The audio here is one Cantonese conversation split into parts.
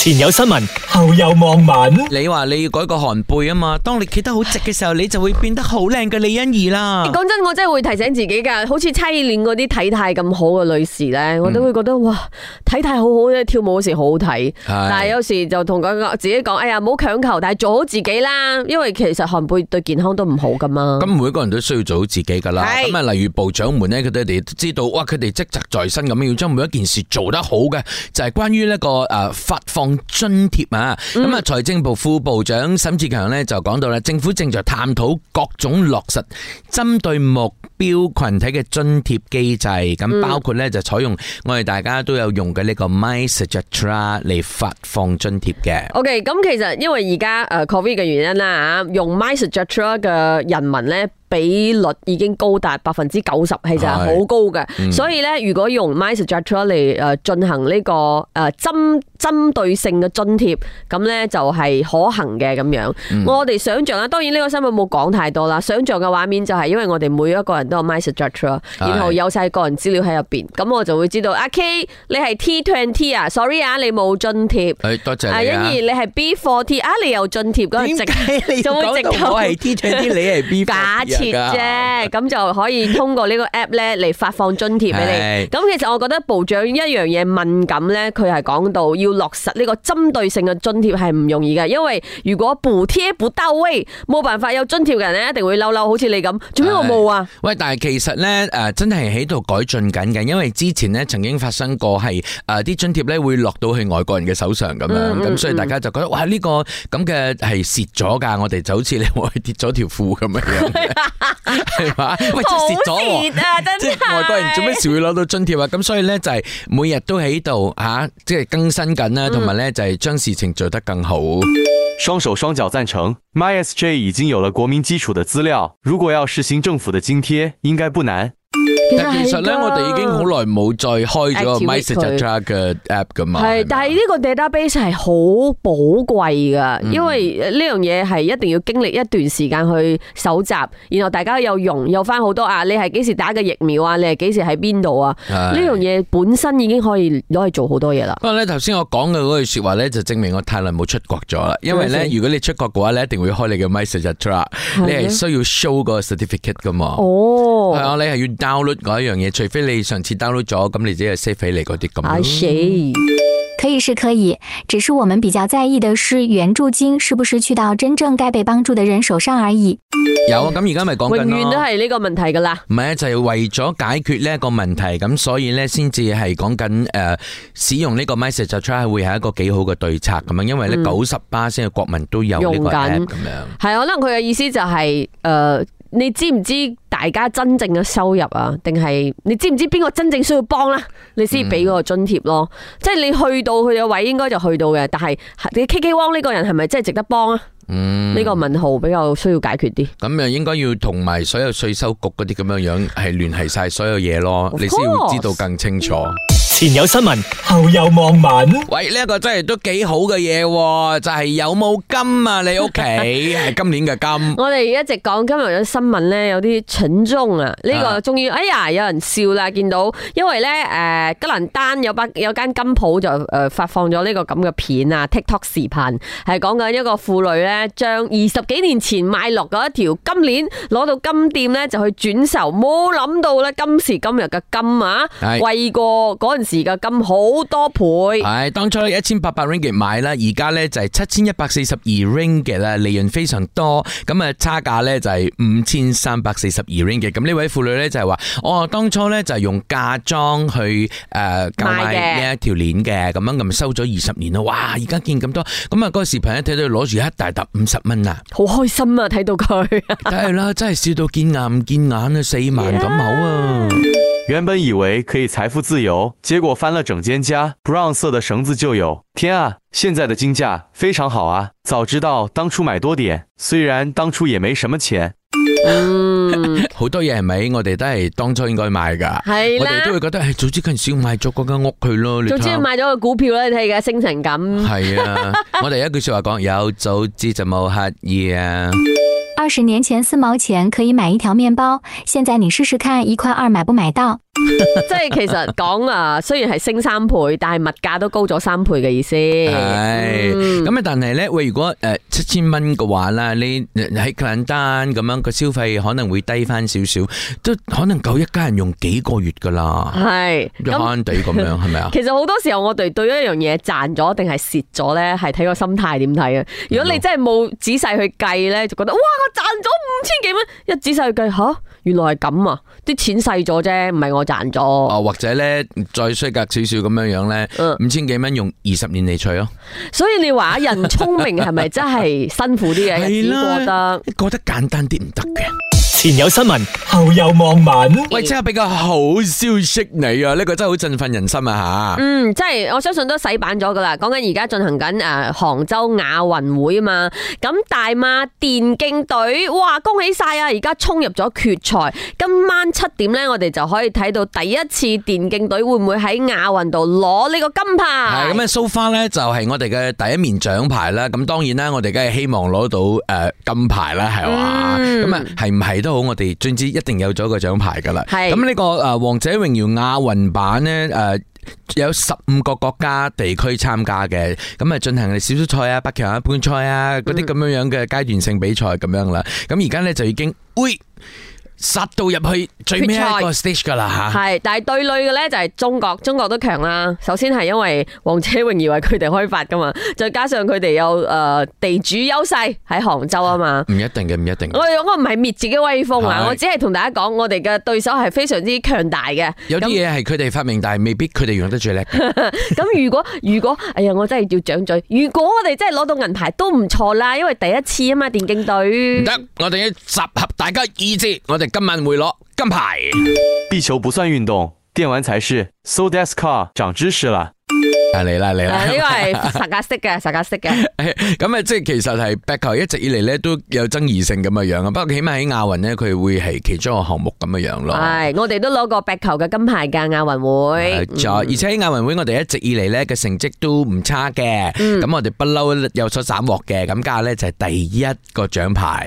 前有新聞，後有網民，你話你要改個寒背啊嘛？當你企得好直嘅時候，你就會變得好靚嘅李欣怡啦。講真的，我真係會提醒自己噶，好似七連嗰啲體態咁好嘅女士咧，我都會覺得、嗯、哇，體態好好跳舞嗰時候好好睇。但係有時候就同自己講：哎呀，唔好強求，但係做好自己啦。因為其實寒背對健康都唔好噶嘛。咁每個人都需要做好自己噶啦。咁啊，例如部長們咧，佢哋都知道哇，佢哋職責在身，咁樣要將每一件事做得好嘅，就係、是、關於呢、這個誒發、呃、放。津貼啊！咁啊，財政部副部長沈志強咧就講到喇，政府正在探討各種落實針對目標群體嘅津貼機制，咁包括咧就採用我哋大家都有用嘅呢個 MySajatra 嚟發放津貼嘅。OK，咁其實因為而家誒 Covid 嘅原因啦，吓用 MySajatra 嘅人民咧，比率已經高達百分之九十，其實係好高嘅，嗯。所以咧，如果用 MySejahtera 嚟誒進行呢個誒針針對性嘅津貼，咁咧就係可行嘅咁樣，嗯。我哋想象啦，當然呢個新聞冇講太多啦。想象嘅畫面就係因為我哋每一個人都有 MySejahtera，然後有晒個人資料喺入邊，咁我就會知道阿 K 你係 T twenty 啊，sorry 啊，你冇津貼。多謝你啊。欣怡，你係 B40 啊，你又津貼嗰隻？點解你講到我係 T twenty，你係 B40 啫，咁就可以通過呢個 app 咧嚟發放津貼俾你。咁其實我覺得部長一樣嘢敏感咧，佢係講到要落實呢個針對性嘅津貼係唔容易㗎，因為如果補貼不到位，冇辦法有津貼嘅人咧一定會嬲嬲，好似你咁，做咩我冇啊？喂，但係其實咧誒，真係喺度改進緊嘅，因為之前咧曾經發生過係誒啲津貼咧會落到去外國人嘅手上咁樣，咁所以大家就覺得哇呢個咁嘅係蝕咗㗎，我哋就好似你我跌咗條褲咁樣。 喂，即蝕咗喎！外國人做咩事會攞到津貼啊？咁 所以咧就係、是、每日都喺度吓，即、啊、係、就是、更新緊啦，同埋咧就係、是、將事情做得更好。雙、嗯、手雙腳贊成，MySJ 已經有了國民基礎的資料，如果要實行政府的津貼，應該不難。其實咧，我哋已經好耐冇再開咗個 MySejahtera 嘅 App 噶嘛。係，但係呢個 database 係好寶貴噶，因為呢樣嘢係一定要經歷一段時間去搜集，然後大家又用又翻好多啊。你係幾時打嘅疫苗啊？你係幾時喺邊度啊？呢樣嘢本身已經可以攞嚟做好多嘢啦。不過咧，頭先我講嘅嗰句說話咧，就證明我太耐冇出國咗啦。因為咧，如果你出國嘅話，你一定會開你嘅 MySejahtera，你係需要 show 個 certificate 噶嘛。哦，係啊，你係要。一樣嘢，除非你上次 download 咗，咁你只係 save 起嚟啲咁。可以是可以，只是我們比較在意的是援助金是不是去到真正該被幫助的人手上而已。有啊，咁而家咪講永遠都係呢個問題噶啦。唔係，就係、是、為咗解決呢一個問題，咁所以咧先至係講緊誒，使用呢個 message 出嚟會係一個幾好嘅對策咁樣，因為咧九十八巴仙嘅國民都有個 app, 用緊，係可能佢嘅意思就係、是、誒。呃你知唔知大家真正嘅收入啊？定係你知唔知邊個真正需要幫啦、啊？你先俾嗰個津貼咯。嗯、即係你去到佢嘅位，應該就去到嘅。但係你 K K Wong 呢個人係咪真係值得幫啊？嗯，呢、呢個問號比較需要解決啲。咁樣應該要同埋所有稅收局嗰啲咁樣樣係聯繫晒所有嘢咯。你先會知道更清楚。嗯前有新聞，後有網民。喂，呢一個真係都幾好嘅嘢，就係有冇金啊？你屋企係今年嘅金。我哋一直講今日有啲新聞咧，有啲蠢鐘啊！呢個終於哎呀，有人笑啦！見到因為咧，誒，吉蘭丹有把有間金鋪就誒發放咗呢個咁嘅片啊，TikTok 視頻係講緊一個婦女咧，將二十幾年前買落嗰一條金鏈攞到金店咧就去轉售，冇諗到咧今時今日嘅金啊貴過嗰陣。時嘅咁好多倍，係當初一千八百 ringgit 買啦，而家咧就係七千一百四十二 ringgit 啦，利潤非常多，咁啊差價咧就係五千三百四十二 ringgit，咁呢位婦女咧就係話，我、哦、當初咧就係用嫁妝去誒購、呃、買呢一條鏈嘅，咁樣咁咪收咗二十年咯，哇！而家見咁多，咁、那、啊個視頻咧睇到攞住一大沓五十蚊啊，好開心啊！睇到佢，梗係啦， 真係笑到見牙唔見眼啊，四萬咁好啊！Yeah! 原本以為可以財富自由，結果翻了整間家。brown 色的繩子就有，天啊！現在的金價非常好啊，早知道當初買多點。雖然當初也沒什麼錢，嗯，好 多嘢係咪？我哋都係當初應該買噶，係我哋都會覺得，哎，早知近少買咗嗰間屋去咯。早知買咗個股票啦，你睇而家升成咁。係 啊，我哋一句說話講，有早知就冇乞兒啊。二十年前，四毛錢可以買一條麵包，現在你試試看，一塊二買不買到？ 即係其實講啊，雖然係升三倍，但係物價都高咗三倍嘅意思。係咁啊，但係咧喂，如果誒七千蚊嘅話啦，你喺簡單咁樣個消費可能會低翻少少，都可能夠一家人用幾個月噶啦。係慳地咁樣係咪啊？其實好多時候我哋對一樣嘢賺咗定係蝕咗咧，係睇個心態點睇嘅。如果你真係冇仔細去計咧，就覺得哇賺咗五千幾蚊，一仔細去計吓。啊原來係咁啊！啲錢細咗啫，唔係我賺咗。啊，或者咧，再衰格少少咁樣樣咧，五千幾蚊用二十年嚟取咯。所以你話人聰明係咪真係辛苦啲嘅？係 對啦 你覺得你覺得簡單啲唔得嘅。前有新聞，後有網民喂，真係畀個好消息你啊！呢、這個真係好振奮人心啊吓。嗯，即係我相信都洗版咗噶啦。講緊而家進行緊誒、呃、杭州亞運會啊嘛。咁大馬電競隊哇，恭喜晒啊！而家沖入咗決賽。今晚七點呢，我哋就可以睇到第一次電競隊會唔會喺亞運度攞呢個金牌。係咁嘅蘇花呢，就係我哋嘅第一面獎牌啦。咁當然啦，我哋梗係希望攞到誒、呃、金牌啦，係嘛。咁、嗯、啊，係唔係都？都好，我哋總之一定有咗個獎牌噶啦。咁呢個誒《王者榮耀》亞運版呢，誒有十五個國家地區參加嘅，咁啊進行少少賽啊、八強啊、半賽啊嗰啲咁樣樣嘅階段性比賽咁樣啦。咁而家呢，就已經，哎殺到入去最尾一個 stage 噶啦吓，係，但係對壘嘅咧就係中國，中國都強啦。首先係因為《王者榮耀》為佢哋開發噶嘛，再加上佢哋有誒、呃、地主優勢喺杭州啊嘛。唔、嗯、一定嘅，唔一定。我我唔係滅自己威風啊，我只係同大家講，我哋嘅對手係非常之強大嘅。有啲嘢係佢哋發明，但係未必佢哋用得最叻。咁 如果如果，哎呀，我真係要掌嘴。如果我哋真係攞到銀牌都唔錯啦，因為第一次啊嘛，電競隊。得，我哋要集合大家意志，我哋。今晚會攞金牌，壁球不算運動，電玩才是。So that's car 長知識啦，嚟啦嚟啦，因為實價式嘅實價式嘅。咁啊，即係 其實係壁球一直以嚟咧都有爭議性咁嘅樣啊。不過起碼喺亞運咧，佢會係其中一個項目咁嘅樣咯。係，我哋都攞過壁球嘅金牌噶亞運會、嗯，而且喺亞運會我哋一直以嚟咧嘅成績都唔差嘅。咁、嗯、我哋不嬲有所斬獲嘅。咁家下咧就係第一個獎牌。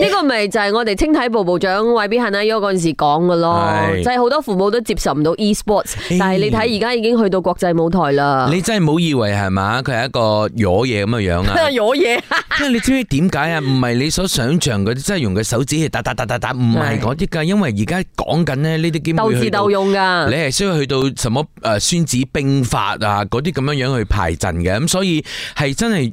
呢、 這個咪就係我哋青體部部長衛碧嫻喺嗰陣時講嘅咯，是就係好多父母都接受唔到 e-sports，、hey，但係你睇而家已經去到國際舞台啦。你真係冇以為係嘛。佢係一個攞嘢，咁嘅樣啊，攞嘢。因為你知唔知點解啊？唔係你所想象嗰啲，真係用佢手指嚟打打打打打，唔係嗰啲噶。因為而家講緊咧，呢啲基本鬥智鬥勇，你係需要去到什麼誒、啊，《孫子兵法啊》啊嗰啲咁樣樣去排陣嘅，咁所以係真係。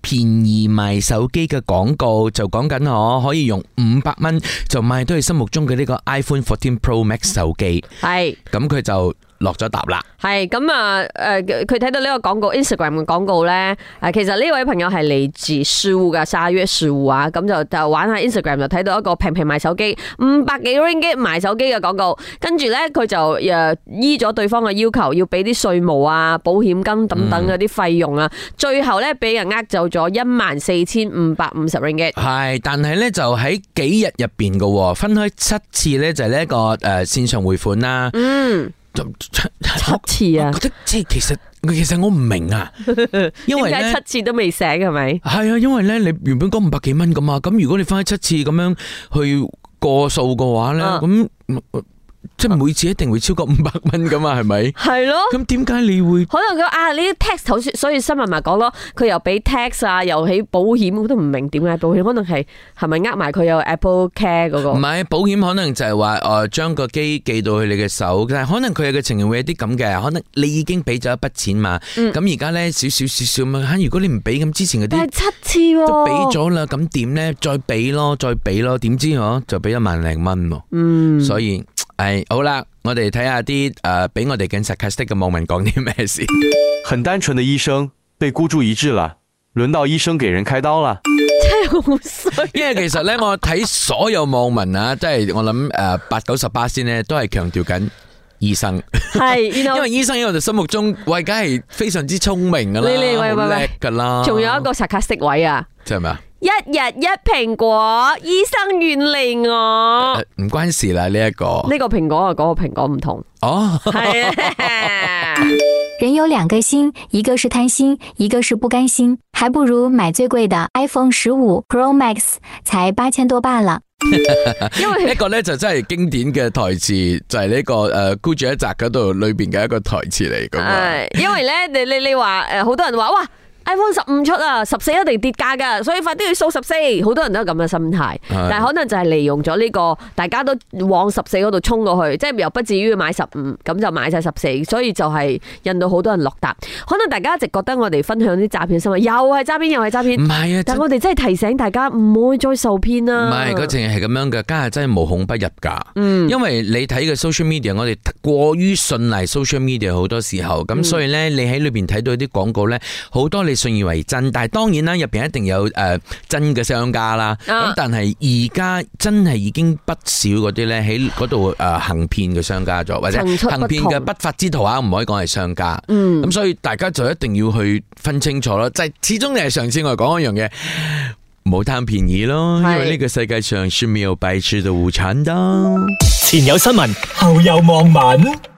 便宜賣手機嘅廣告就講緊我可以用五百蚊就買到佢心目中嘅呢個 iPhone 14 Pro Max 手機。係，咁佢就落咗答啦。係，咁啊，誒，佢睇到呢個廣告，Instagram 嘅廣告咧，誒，其實呢位朋友係嚟自蘇噶，沙約蘇啊，咁就就玩下 Instagram 就睇到一個平平賣手機五百幾 ringgit 賣手機嘅廣告，跟住咧佢就誒依咗對方嘅要求，要俾啲稅務啊、保險金等等嗰啲費用啊，最後咧俾人呃就。咗一萬四千五百五十 r i n g 係，但係咧就喺幾日入邊嘅，分開七次咧就係呢一個誒、呃、線上匯款啦。嗯，七七次啊，即其實其實，其實我唔明啊，因為， 為七次都未醒係咪？係啊，因為咧你原本五百幾蚊咁啊，咁如果你分開七次咁樣去過數嘅話咧，咁、啊。呃即係每次一定會超過五百蚊㗎嘛，係咪？係 咯。咁點解你會？可能佢啊，呢啲 tax，所以新聞咪講咯，佢又俾 tax 啊，又起保險，我都唔明點解保險，可能係係咪呃埋佢有 Apple Care 嗰個？唔係保險，可能就係話誒，將、呃、個機寄到去你嘅手，但係可能佢嘅情形會有啲咁嘅，可能你已經俾咗一筆錢嘛。咁而家咧少少少少咁，如果你唔俾咁，之前嗰啲七次都俾咗啦，咁點咧？再俾咯，再俾咯，點知我就俾一萬零蚊，嗯，所以。係好啦，我哋睇下啲誒，俾、呃、我哋跟 sarcastic 嘅網民講啲咩先。很單純嘅醫生被孤注一擲啦，輪到醫生給人開刀啦。真係好衰！因為其實咧，我睇所有網民啊，即 係我諗誒，八九十八先咧都係強調緊醫生。係 ，you know, 因為醫生喺我哋心目中，喂，梗係非常之聰明噶啦，好叻噶啦。仲有一個 sarcastic 位啊，係咪？一日一蘋果，醫生遠離我。唔、啊、關事啦，呢、這、一個呢、這個蘋果啊，嗰、那個蘋果唔同。哦，係啊。 人有兩個心，一個是貪心，一個是不甘心，還不如買最貴的 iPhone 十五 Pro Max，才八千多百啦。呢 因為笑個呢，就真係經典嘅台詞，就係呢個誒，孤注一擲嗰度裏邊嘅一個台詞嚟咁啊。因為呢，你你你話誒，好、呃、多人話哇。十五出啊，十四一定跌價噶，所以快啲去掃十四，好多人都係咁嘅心態。但係可能就係利用咗呢個，大家都往十四嗰度衝過去，即係又不至於要買十五，咁就買晒十四，所以就係引到好多人落踏。可能大家一直覺得我哋分享啲詐騙新聞，又係詐騙，又係詐騙。唔係啊，但我哋真係提醒大家唔好再受騙啦。唔係，佢淨係咁樣嘅，家下真係無孔不入噶。因為你睇嘅 social media，我哋過於信賴 social media 好多時候，咁所以咧，你喺裏邊睇到啲廣告咧，好多你。信以為真，但係當然啦，入邊一定有誒、呃、真嘅商家啦。咁、啊、但係而家真係已經不少嗰啲咧喺嗰度誒行騙嘅商家咗，或者行騙嘅不法之徒啊，唔可以講係商家。嗯，咁所以大家就一定要去分清楚咯。就係始終你係上次我哋講一樣嘢，唔好貪便宜咯。因為呢個世界上善有必趨，就互產得前有新聞，後有網民。